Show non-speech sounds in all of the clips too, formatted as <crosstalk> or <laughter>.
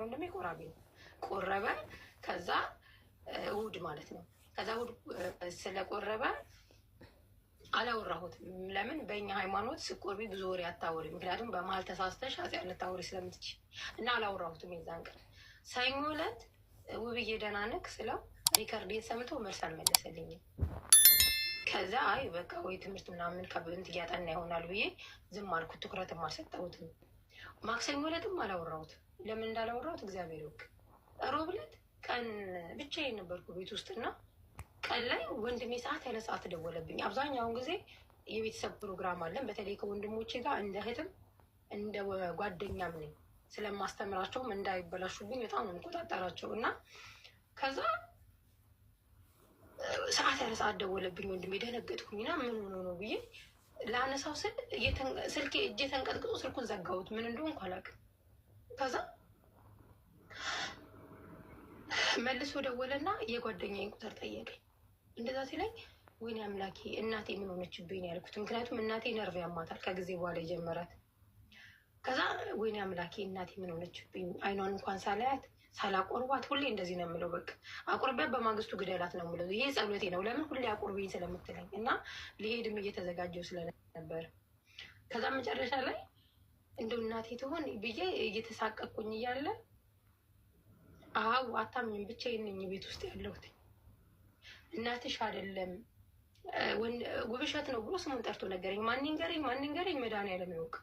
ወንድሜ ቆራቢ ነው። ቆረበ። ከዛ እሑድ ማለት ነው። ከዛ እሑድ ስለቆረበ አላወራሁትም። ለምን በእኛ ሃይማኖት ስቆርቢ ብዙ ወሬ አታወሪ፣ ምክንያቱም በመሀል ተሳስተሽ ኃጢአት ልታወሪ ስለምትች እና አላወራሁትም። የዛን ቀን ሰኞ ዕለት ውብዬ ደህና ነህ ስለው ሪከርዴን ሰምቶ መልስ አልመለሰልኝም። ከዛ አይ በቃ ወይ ትምህርት ምናምን ከብንት እያጠና ይሆናል ብዬ ዝም አልኩት። ትኩረትም አልሰጠሁትም። ማክሰኞ ዕለትም አላወራሁትም። ለምን እንዳላወራሁት እግዚአብሔር ይወቅ። ሮብ ዕለት ቀን ብቻዬን ነበርኩ ቤት ውስጥና ቀን ላይ ወንድሜ ሰዓት ያለ ሰዓት ደወለብኝ። አብዛኛውን ጊዜ የቤተሰብ ፕሮግራም አለን። በተለይ ከወንድሞቼ ጋር እንደ እህትም እንደ ጓደኛም ነኝ። ስለማስተምራቸውም እንዳይበላሹብኝ በጣም እንቆጣጠራቸው እና ከዛ ሰዓት ያለ ሰዓት ደወለብኝ ወንድሜ። ደነገጥኩኝና ምን ሆኖ ነው ብዬ ለአነሳው ስል ስልኬ እጄ ተንቀጥቅጦ ስልኩን ዘጋሁት። ምን እንደሆንኩ አላውቅም። ከዛ መልሶ ደወለና የጓደኛዬን ቁጥር ጠየቀኝ። እንደዛ ሲለኝ ወይኔ አምላኬ እናቴ ምን ሆነችብኝ ነው ያልኩት። ምክንያቱም እናቴ ነርቭ ያማታል ከጊዜ በኋላ የጀመራት። ከዛ ወይኔ አምላኬ እናቴ ምን ሆነችብኝ፣ አይኗን እንኳን ሳላያት ሳላቆርባት፣ ሁሌ እንደዚህ ነው የምለው። በቃ አቁርቢያት በማግስቱ ግደላት ነው የምለው። ይሄ ጸሎቴ ነው። ለምን ሁሌ አቁርብኝ ስለምትለኝ እና ሊሄድም እየተዘጋጀው ስለነበር ከዛ መጨረሻ ላይ እንደው እናቴ ትሆን ብዬ እየተሳቀቅኩኝ እያለ አው አታምኝም፣ ብቻዬን ነኝ ቤት ውስጥ ያለሁት። እናትሽ አይደለም ውብሸት ነው ብሎ ስሙን ጠርቶ ነገረኝ። ማን ንገረኝ፣ ማን ንገረኝ፣ መድኃኒዓለም ያውቅ።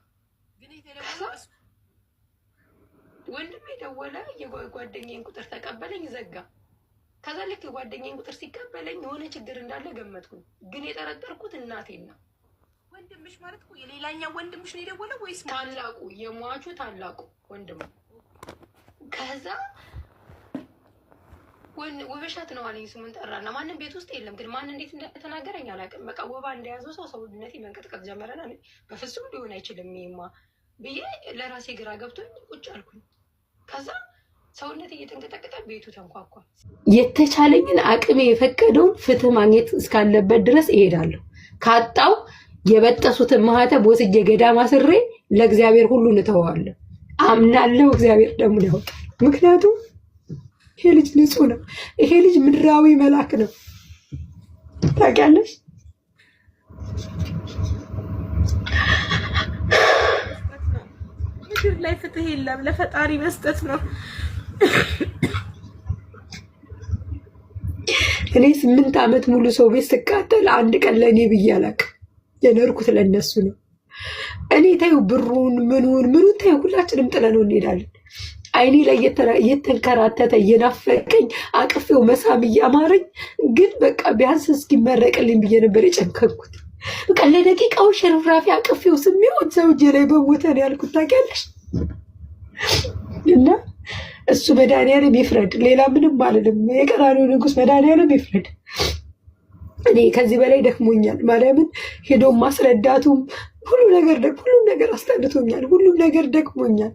ወንድም የደወለ የጓደኛዬን ቁጥር ተቀበለኝ፣ ዘጋ። ከዛ ልክ የጓደኛዬን ቁጥር ሲቀበለኝ የሆነ ችግር እንዳለ ገመትኩኝ፣ ግን የጠረጠርኩት እናቴን ነው። ወንድምሽ ማለት እኮ የሌላኛው ወንድምሽ ነው የደወለው ወይስ ታላቁ የሟቹ ታላቁ ወንድም? ከዛ ውብሸት ነው አለኝ ስሙን ጠራና፣ ማንም ቤት ውስጥ የለም ግን ማን እንዴት እንደተናገረኝ አላውቅም። በቃ ወባ እንደያዘው ሰው ሰውነቴ መንቀጥቀጥ ጀመረና በፍጹም ሊሆን አይችልም ይሄማ ብዬ ለራሴ ግራ ገብቶኝ ቁጭ አልኩኝ። ከዛ ሰውነት እየተንቀጠቀጠ ቤቱ ተንኳኳ። የተቻለኝን አቅሜ የፈቀደውን ፍትህ ማግኘት እስካለበት ድረስ እሄዳለሁ ካጣው የበጠሱትን ማህተብ ወስጄ ገዳማ ስሬ ለእግዚአብሔር ሁሉ እተወዋለሁ። አምናለሁ። እግዚአብሔር ደግሞ ያውቃል። ምክንያቱም ይሄ ልጅ ንጹህ ነው። ይሄ ልጅ ምድራዊ መልአክ ነው። ታውቂያለሽ። ምድር ላይ ፍትህ የለም፣ ለፈጣሪ መስጠት ነው። እኔ ስምንት ዓመት ሙሉ ሰው ቤት ስቃጠል አንድ ቀን ለእኔ ብዬ አላውቅም። የኖርኩት ለእነሱ ነው። እኔ ታዩ ብሩን ምኑን ምኑን ታዩ ሁላችንም ጥለ እንሄዳለን። አይኔ ላይ እየተንከራተተ እየናፈቀኝ አቅፌው መሳም እያማረኝ፣ ግን በቃ ቢያንስ እስኪመረቅልኝ ብዬ ነበር የጨንከንኩት። በቃ ለደቂቃው ሸርፍራፊ አቅፌው ስሚሆን ሰውጄ ላይ በሞተን ያልኩት ታውቂያለሽ። እና እሱ መድኃኒዓለም ይፍረድ፣ ሌላ ምንም አልልም። የቀራኒው ንጉስ መድኃኒዓለም ይፍረድ። እኔ ከዚህ በላይ ደክሞኛል። ማርያምን ሄዶ ማስረዳቱም ሁሉ ነገር ሁሉም ነገር አስጠልቶኛል። ሁሉም ነገር ደክሞኛል።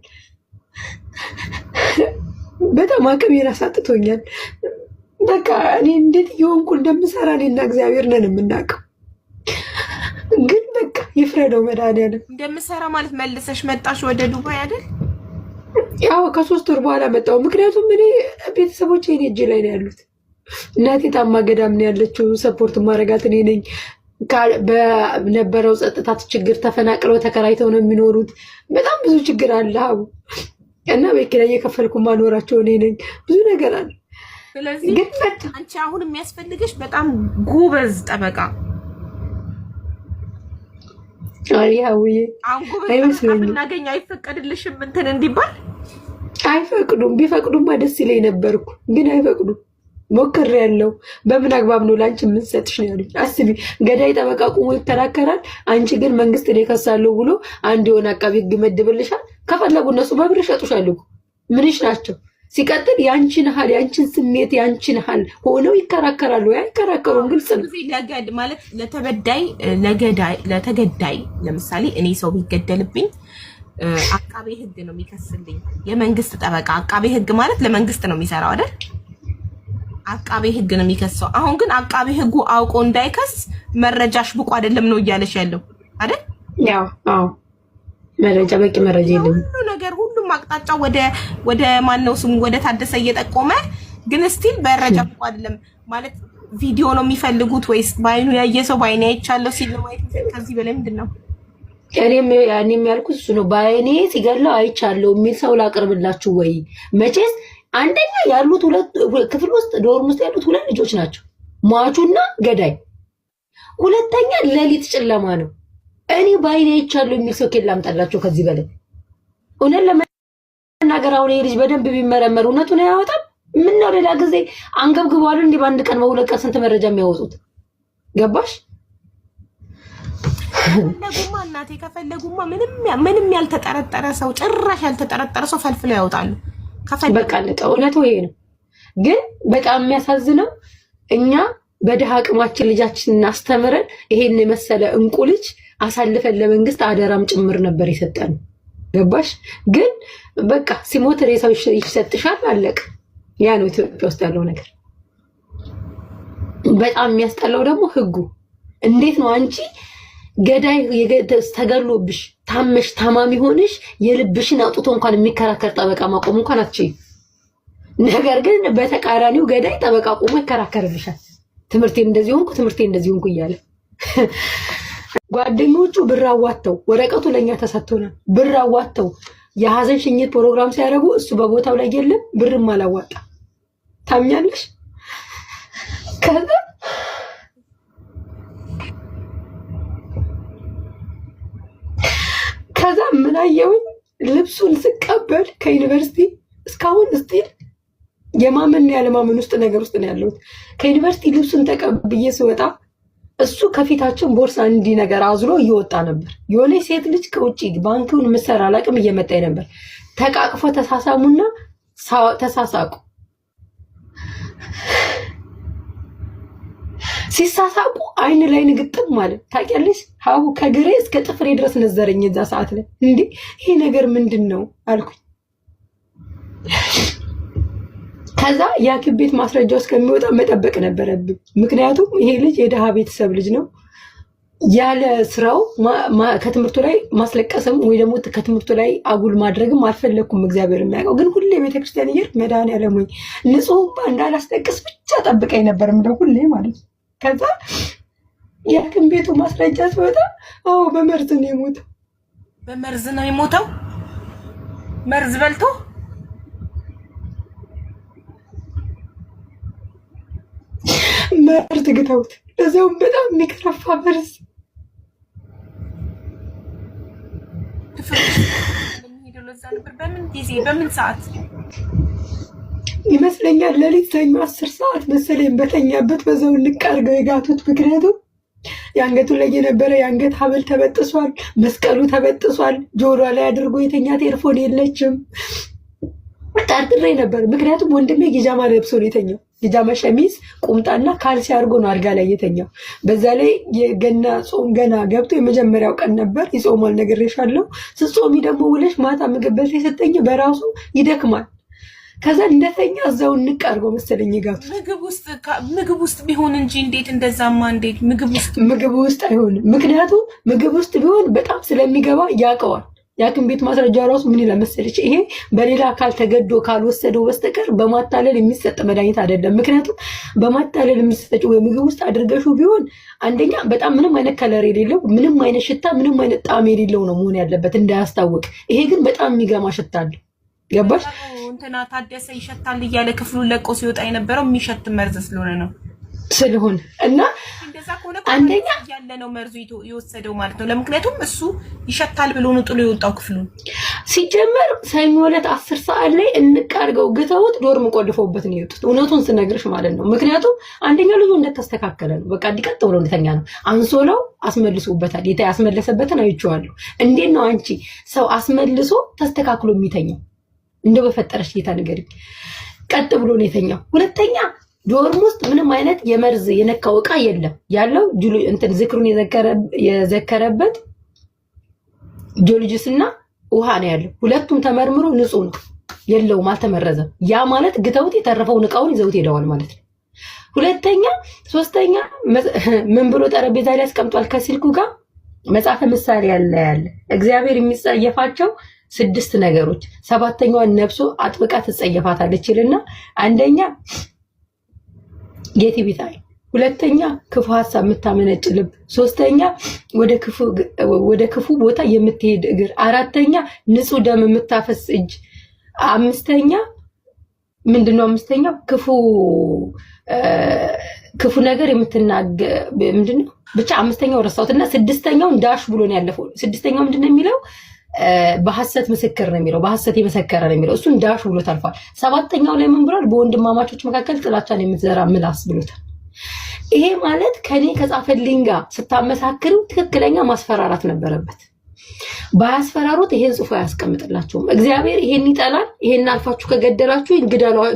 በጣም አቅም የራስ በቃ እኔ እንዴት እየሆንኩ እንደምሰራ እኔና እግዚአብሔር ነን የምናውቀው። ግን በቃ ይፍረደው መድኃኒዓለም። እንደምሰራ ማለት መልሰሽ መጣሽ ወደ ዱባይ አይደል? ያው ከሶስት ወር በኋላ መጣሁ። ምክንያቱም እኔ ቤተሰቦቼ እኔ እጅ ላይ ነው ያሉት እናቴ ታማ ገዳም ነው ያለችው። ሰፖርት ማድረጋት እኔ ነኝ። በነበረው ጸጥታ ችግር ተፈናቅለው ተከራይተው ነው የሚኖሩት። በጣም ብዙ ችግር አለ ሀቡ እና ቤት ኪራይ እየከፈልኩ ማኖራቸው እኔ ነኝ። ብዙ ነገር አለ። ስለዚህ አንቺ አሁን የሚያስፈልግሽ በጣም ጎበዝ ጠበቃ ናገኝ አይፈቀድልሽም እንትን እንዲባል አይፈቅዱም። ቢፈቅዱማ ደስ ይለኝ ነበርኩ፣ ግን አይፈቅዱም። ሞክሬ ያለው በምን አግባብ ነው ለአንቺ የምንሰጥሽ ነው ያሉኝ። አስቢ ገዳይ ጠበቃ ቁሞ ይከራከራል። አንቺ ግን መንግስት እኔ ከሳለሁ ብሎ አንድ የሆነ አቃቢ ህግ መድብልሻል። ከፈለጉ እነሱ በብር ይሸጡሻል። ምንሽ ናቸው? ሲቀጥል የአንቺን ሀል የአንቺን ስሜት የአንቺን ሀል ሆነው ይከራከራሉ። ያ ግልጽ ነው ማለት ለተበዳይ ለተገዳይ ለምሳሌ እኔ ሰው ቢገደልብኝ አቃቤ ህግ ነው የሚከስልኝ። የመንግስት ጠበቃ አቃቤ ህግ ማለት ለመንግስት ነው የሚሰራው አይደል? አቃቤ ህግ ነው የሚከሰው። አሁን ግን አቃቤ ህጉ አውቆ እንዳይከስ መረጃሽ ብቁ አይደለም ነው እያለሽ ያለው አይደል? ያው አዎ፣ መረጃ በቂ መረጃ የለም። ሁሉ ነገር ሁሉም አቅጣጫ ወደ ወደ ማነው ስሙ ወደ ታደሰ እየጠቆመ ግን ስቲል መረጃ ብቁ አይደለም ማለት ቪዲዮ ነው የሚፈልጉት ወይስ በአይኑ ያየ ሰው በአይኔ አይቻለሁ ሲል ነው ማየት? ከዚህ በላይ ምንድን ነው እኔም የሚያልኩት እሱ ነው። በአይኔ ሲገድለው አይቻለሁ የሚል ሰው ላቅርብላችሁ ወይ መቼስ አንደኛ ያሉት ክፍል ውስጥ ዶርም ውስጥ ያሉት ሁለት ልጆች ናቸው፣ ሟቹና ገዳይ። ሁለተኛ ሌሊት ጨለማ ነው። እኔ ባይኔ ይቻሉ የሚል ሰው ኬላ አምጣላቸው ከዚህ በላይ እውነት ለመናገር አሁን ይሄ ልጅ በደንብ ቢመረመር እውነቱን አያወጣም። ምነው ሌላ ጊዜ አንገብግበዋል እንዲህ በአንድ ቀን በሁለት ቀን ስንት መረጃ የሚያወጡት ገባሽ? ከፈለጉማ እናቴ ከፈለጉማ ምንም ምንም ያልተጠረጠረ ሰው ጭራሽ ያልተጠረጠረ ሰው ፈልፍለው ያወጣሉ። በቃ እውነቱ ይሄ ነው። ግን በጣም የሚያሳዝነው እኛ በድሀ አቅማችን ልጃችንን አስተምረን ይሄን የመሰለ እንቁ ልጅ አሳልፈን ለመንግስት አደራም ጭምር ነበር የሰጠን። ገባሽ? ግን በቃ ሲሞት ሬሳው ይሰጥሻል፣ አለቅ። ያ ነው ኢትዮጵያ ውስጥ ያለው ነገር። በጣም የሚያስጠላው ደግሞ ህጉ እንዴት ነው አንቺ ገዳይ ተገሎብሽ ታመሽ ታማሚ ሆንሽ የልብሽን አውጥቶ እንኳን የሚከራከር ጠበቃ ማቆም እንኳን አትችይም። ነገር ግን በተቃራኒው ገዳይ ጠበቃ ቆሞ ይከራከርልሻል። ትምህርቴ እንደዚህ ሆንኩ፣ ትምህርቴ እንደዚህ ሆንኩ እያለ <laughs> ጓደኞቹ ብር አዋተው ወረቀቱ ለእኛ ተሰጥቶናል። ብር አዋተው የሀዘን ሽኝት ፕሮግራም ሲያደርጉ እሱ በቦታው ላይ የለም፣ ብርም አላዋጣ ታምኛለሽ ከዛ ስላየውኝ ልብሱን ስቀበል ከዩኒቨርሲቲ እስካሁን እስቲል የማመንና ያለማመን ውስጥ ነገር ውስጥ ነው ያለሁት። ከዩኒቨርሲቲ ልብሱን ተቀብዬ ስወጣ እሱ ከፊታችን ቦርሳ እንዲህ ነገር አዝሎ እየወጣ ነበር። የሆነ ሴት ልጅ ከውጭ ባንኪውን ምሰራ ላቅም እየመጣኝ ነበር። ተቃቅፎ ተሳሳሙና ተሳሳቁ። ሲሳሳቁ አይን ላይ ንግጥም ማለት ታውቂያለሽ። ሀቡ ከግሬ እስከ ጥፍሬ ድረስ ነዘረኝ። እዛ ሰዓት ላይ እንዴ ይሄ ነገር ምንድን ነው አልኩኝ። ከዛ የሐኪም ቤት ማስረጃው እስከሚወጣ መጠበቅ ነበረብኝ። ምክንያቱም ይሄ ልጅ የድሃ ቤተሰብ ልጅ ነው። ያለ ስራው ከትምህርቱ ላይ ማስለቀስም ወይ ደግሞ ከትምህርቱ ላይ አጉል ማድረግም አልፈለግኩም። እግዚአብሔር የሚያውቀው ግን ሁሌ ቤተክርስቲያን እየሄድኩ መድኃኒዓለም ወይ ንጹህ እንዳላስጠቅስ ብቻ ጠብቀኝ ነበር ምደ ሁሌ ማለት ነው። ከዛ የሐኪም ቤቱ ማስረጃ ሲወጣ አዎ በመርዝ ነው የሞተው። በመርዝ ነው የሞተው። መርዝ በልቶ መርዝ ግተውት፣ በዛውም በጣም የሚከረፋ መርዝ በምን ጊዜ በምን ሰዓት ይመስለኛል ለሊት ሰኞ አስር ሰዓት መሰለኝ በተኛበት በዛው ንቅ የጋቱት። ምክንያቱም የአንገቱ ላይ የነበረ የአንገት ሐብል ተበጥሷል፣ መስቀሉ ተበጥሷል። ጆሮ ላይ አድርጎ የተኛት ኤርፎን የለችም። ጠርጥሬ ነበር፣ ምክንያቱም ወንድሜ ጊጃማ ለብሶ ነው የተኛው። ጊጃማ ሸሚዝ፣ ቁምጣና ካልሲ አድርጎ ነው አልጋ ላይ የተኛው። በዛ ላይ የገና ጾም ገና ገብቶ የመጀመሪያው ቀን ነበር። ይጾማል፣ ሻለው ስጾሚ ደግሞ ውለሽ ማታ ምግብ በልተሽ ስትተኝ በራሱ ይደክማል። ከዛ እንደተኛ እዛው እንቀርበው መሰለኝ ጋር ምግብ ውስጥ ቢሆን እንጂ እንዴት እንደዛማ እንዴት ምግብ ውስጥ ምግብ ውስጥ አይሆንም። ምክንያቱም ምግብ ውስጥ ቢሆን በጣም ስለሚገባ ያውቀዋል። የሐኪም ቤት ማስረጃ ራሱ ምን ይላል መሰለች፣ ይሄ በሌላ አካል ተገዶ ካልወሰደው በስተቀር በማታለል የሚሰጥ መድኃኒት አይደለም። ምክንያቱም በማታለል የሚሰጠች ወይ ምግብ ውስጥ አድርገሹ ቢሆን አንደኛ በጣም ምንም አይነት ከለር የሌለው ምንም አይነት ሽታ፣ ምንም አይነት ጣዕም የሌለው ነው መሆን ያለበት እንዳያስታውቅ። ይሄ ግን በጣም የሚገማ ሽታ አለው። ገባሽ? እንትና ታደሰ ይሸታል እያለ ክፍሉን ለቆ ሲወጣ የነበረው የሚሸት መርዝ ስለሆነ ነው ስለሆነ እና አንደኛ ያለ ነው መርዙ የወሰደው ማለት ነው። ለምክንያቱም እሱ ይሸታል ብሎ ነው ጥሎ የወጣው ሲጀመር ሰኞ ዕለት አስር ሰዓት ላይ እንቃርገው ግተውት ዶርም ቆልፈውበት ነው የወጡት። እውነቱን ስነግርሽ ማለት ነው። ምክንያቱም አንደኛ ልጁ እንደተስተካከለ ነው፣ በቃ እንዲቀጥ ብሎ እንደተኛ ነው። አንሶላው አስመልሶበታል። ያስመለሰበትን አይቼዋለሁ። እንዴት ነው አንቺ ሰው አስመልሶ ተስተካክሎ የሚተኛው? እንደው በፈጠረሽ ጌታ ንገሪኝ። ቀጥ ብሎ ነው የተኛው። ሁለተኛ ዶርም ውስጥ ምንም አይነት የመርዝ የነካው እቃ የለም። ያለው እንትን ዝክሩን የዘከረበት ጆልጅስ እና ውሃ ነው ያለው። ሁለቱም ተመርምሮ ንጹህ ነው፣ የለውም፣ አልተመረዘም። ያ ማለት ግተውት የተረፈውን እቃውን ይዘውት ሄደዋል ማለት ነው። ሁለተኛ ሶስተኛ፣ <laughs> ምን ብሎ ጠረጴዛ ላይ ያስቀምጧል? ከሲልኩ ጋር መጽሐፈ ምሳሌ ያለ ያለ እግዚአብሔር የሚጸየፋቸው ስድስት ነገሮች ሰባተኛዋን ነብሶ አጥብቃ ትጸየፋታለች ይልና አንደኛ ጌቲ ቢታይ፣ ሁለተኛ ክፉ ሀሳብ የምታመነጭ ልብ፣ ሶስተኛ ወደ ክፉ ቦታ የምትሄድ እግር፣ አራተኛ ንጹህ ደም የምታፈስ እጅ፣ አምስተኛ ምንድን አምስተኛ ክፉ ክፉ ነገር የምትናገ ምንድን ብቻ አምስተኛው ረሳሁት እና ስድስተኛውን ዳሽ ብሎ ነው ያለፈው። ስድስተኛው ምንድን የሚለው በሐሰት ምስክር ነው የሚለው በሐሰት የመሰከረ ነው የሚለው እሱን ዳሽ ብሎ ታልፏል። ሰባተኛው ላይ ምን ብሏል? በወንድማማቾች መካከል ጥላቻን የምትዘራ ምላስ ብሎታል። ይሄ ማለት ከኔ ከጻፈልኝ ጋር ስታመሳክሩ ትክክለኛ ማስፈራራት ነበረበት። ባያስፈራሩት ይሄን ጽፎ አያስቀምጥላቸውም። እግዚአብሔር ይሄን ይጠላል። ይሄን አልፋችሁ ከገደላችሁ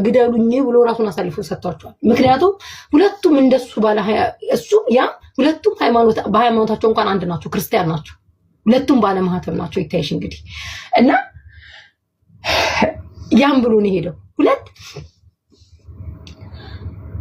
ግደሉኝ ብሎ ራሱን አሳልፎ ሰጥቷቸዋል። ምክንያቱም ሁለቱም እንደሱ ባለ እሱ ያም ሁለቱም በሃይማኖታቸው እንኳን አንድ ናቸው፣ ክርስቲያን ናቸው። ሁለቱም ባለማህተብ ናቸው። ይታይሽ እንግዲህ እና ያም ብሎ ነው የሄደው ሁለት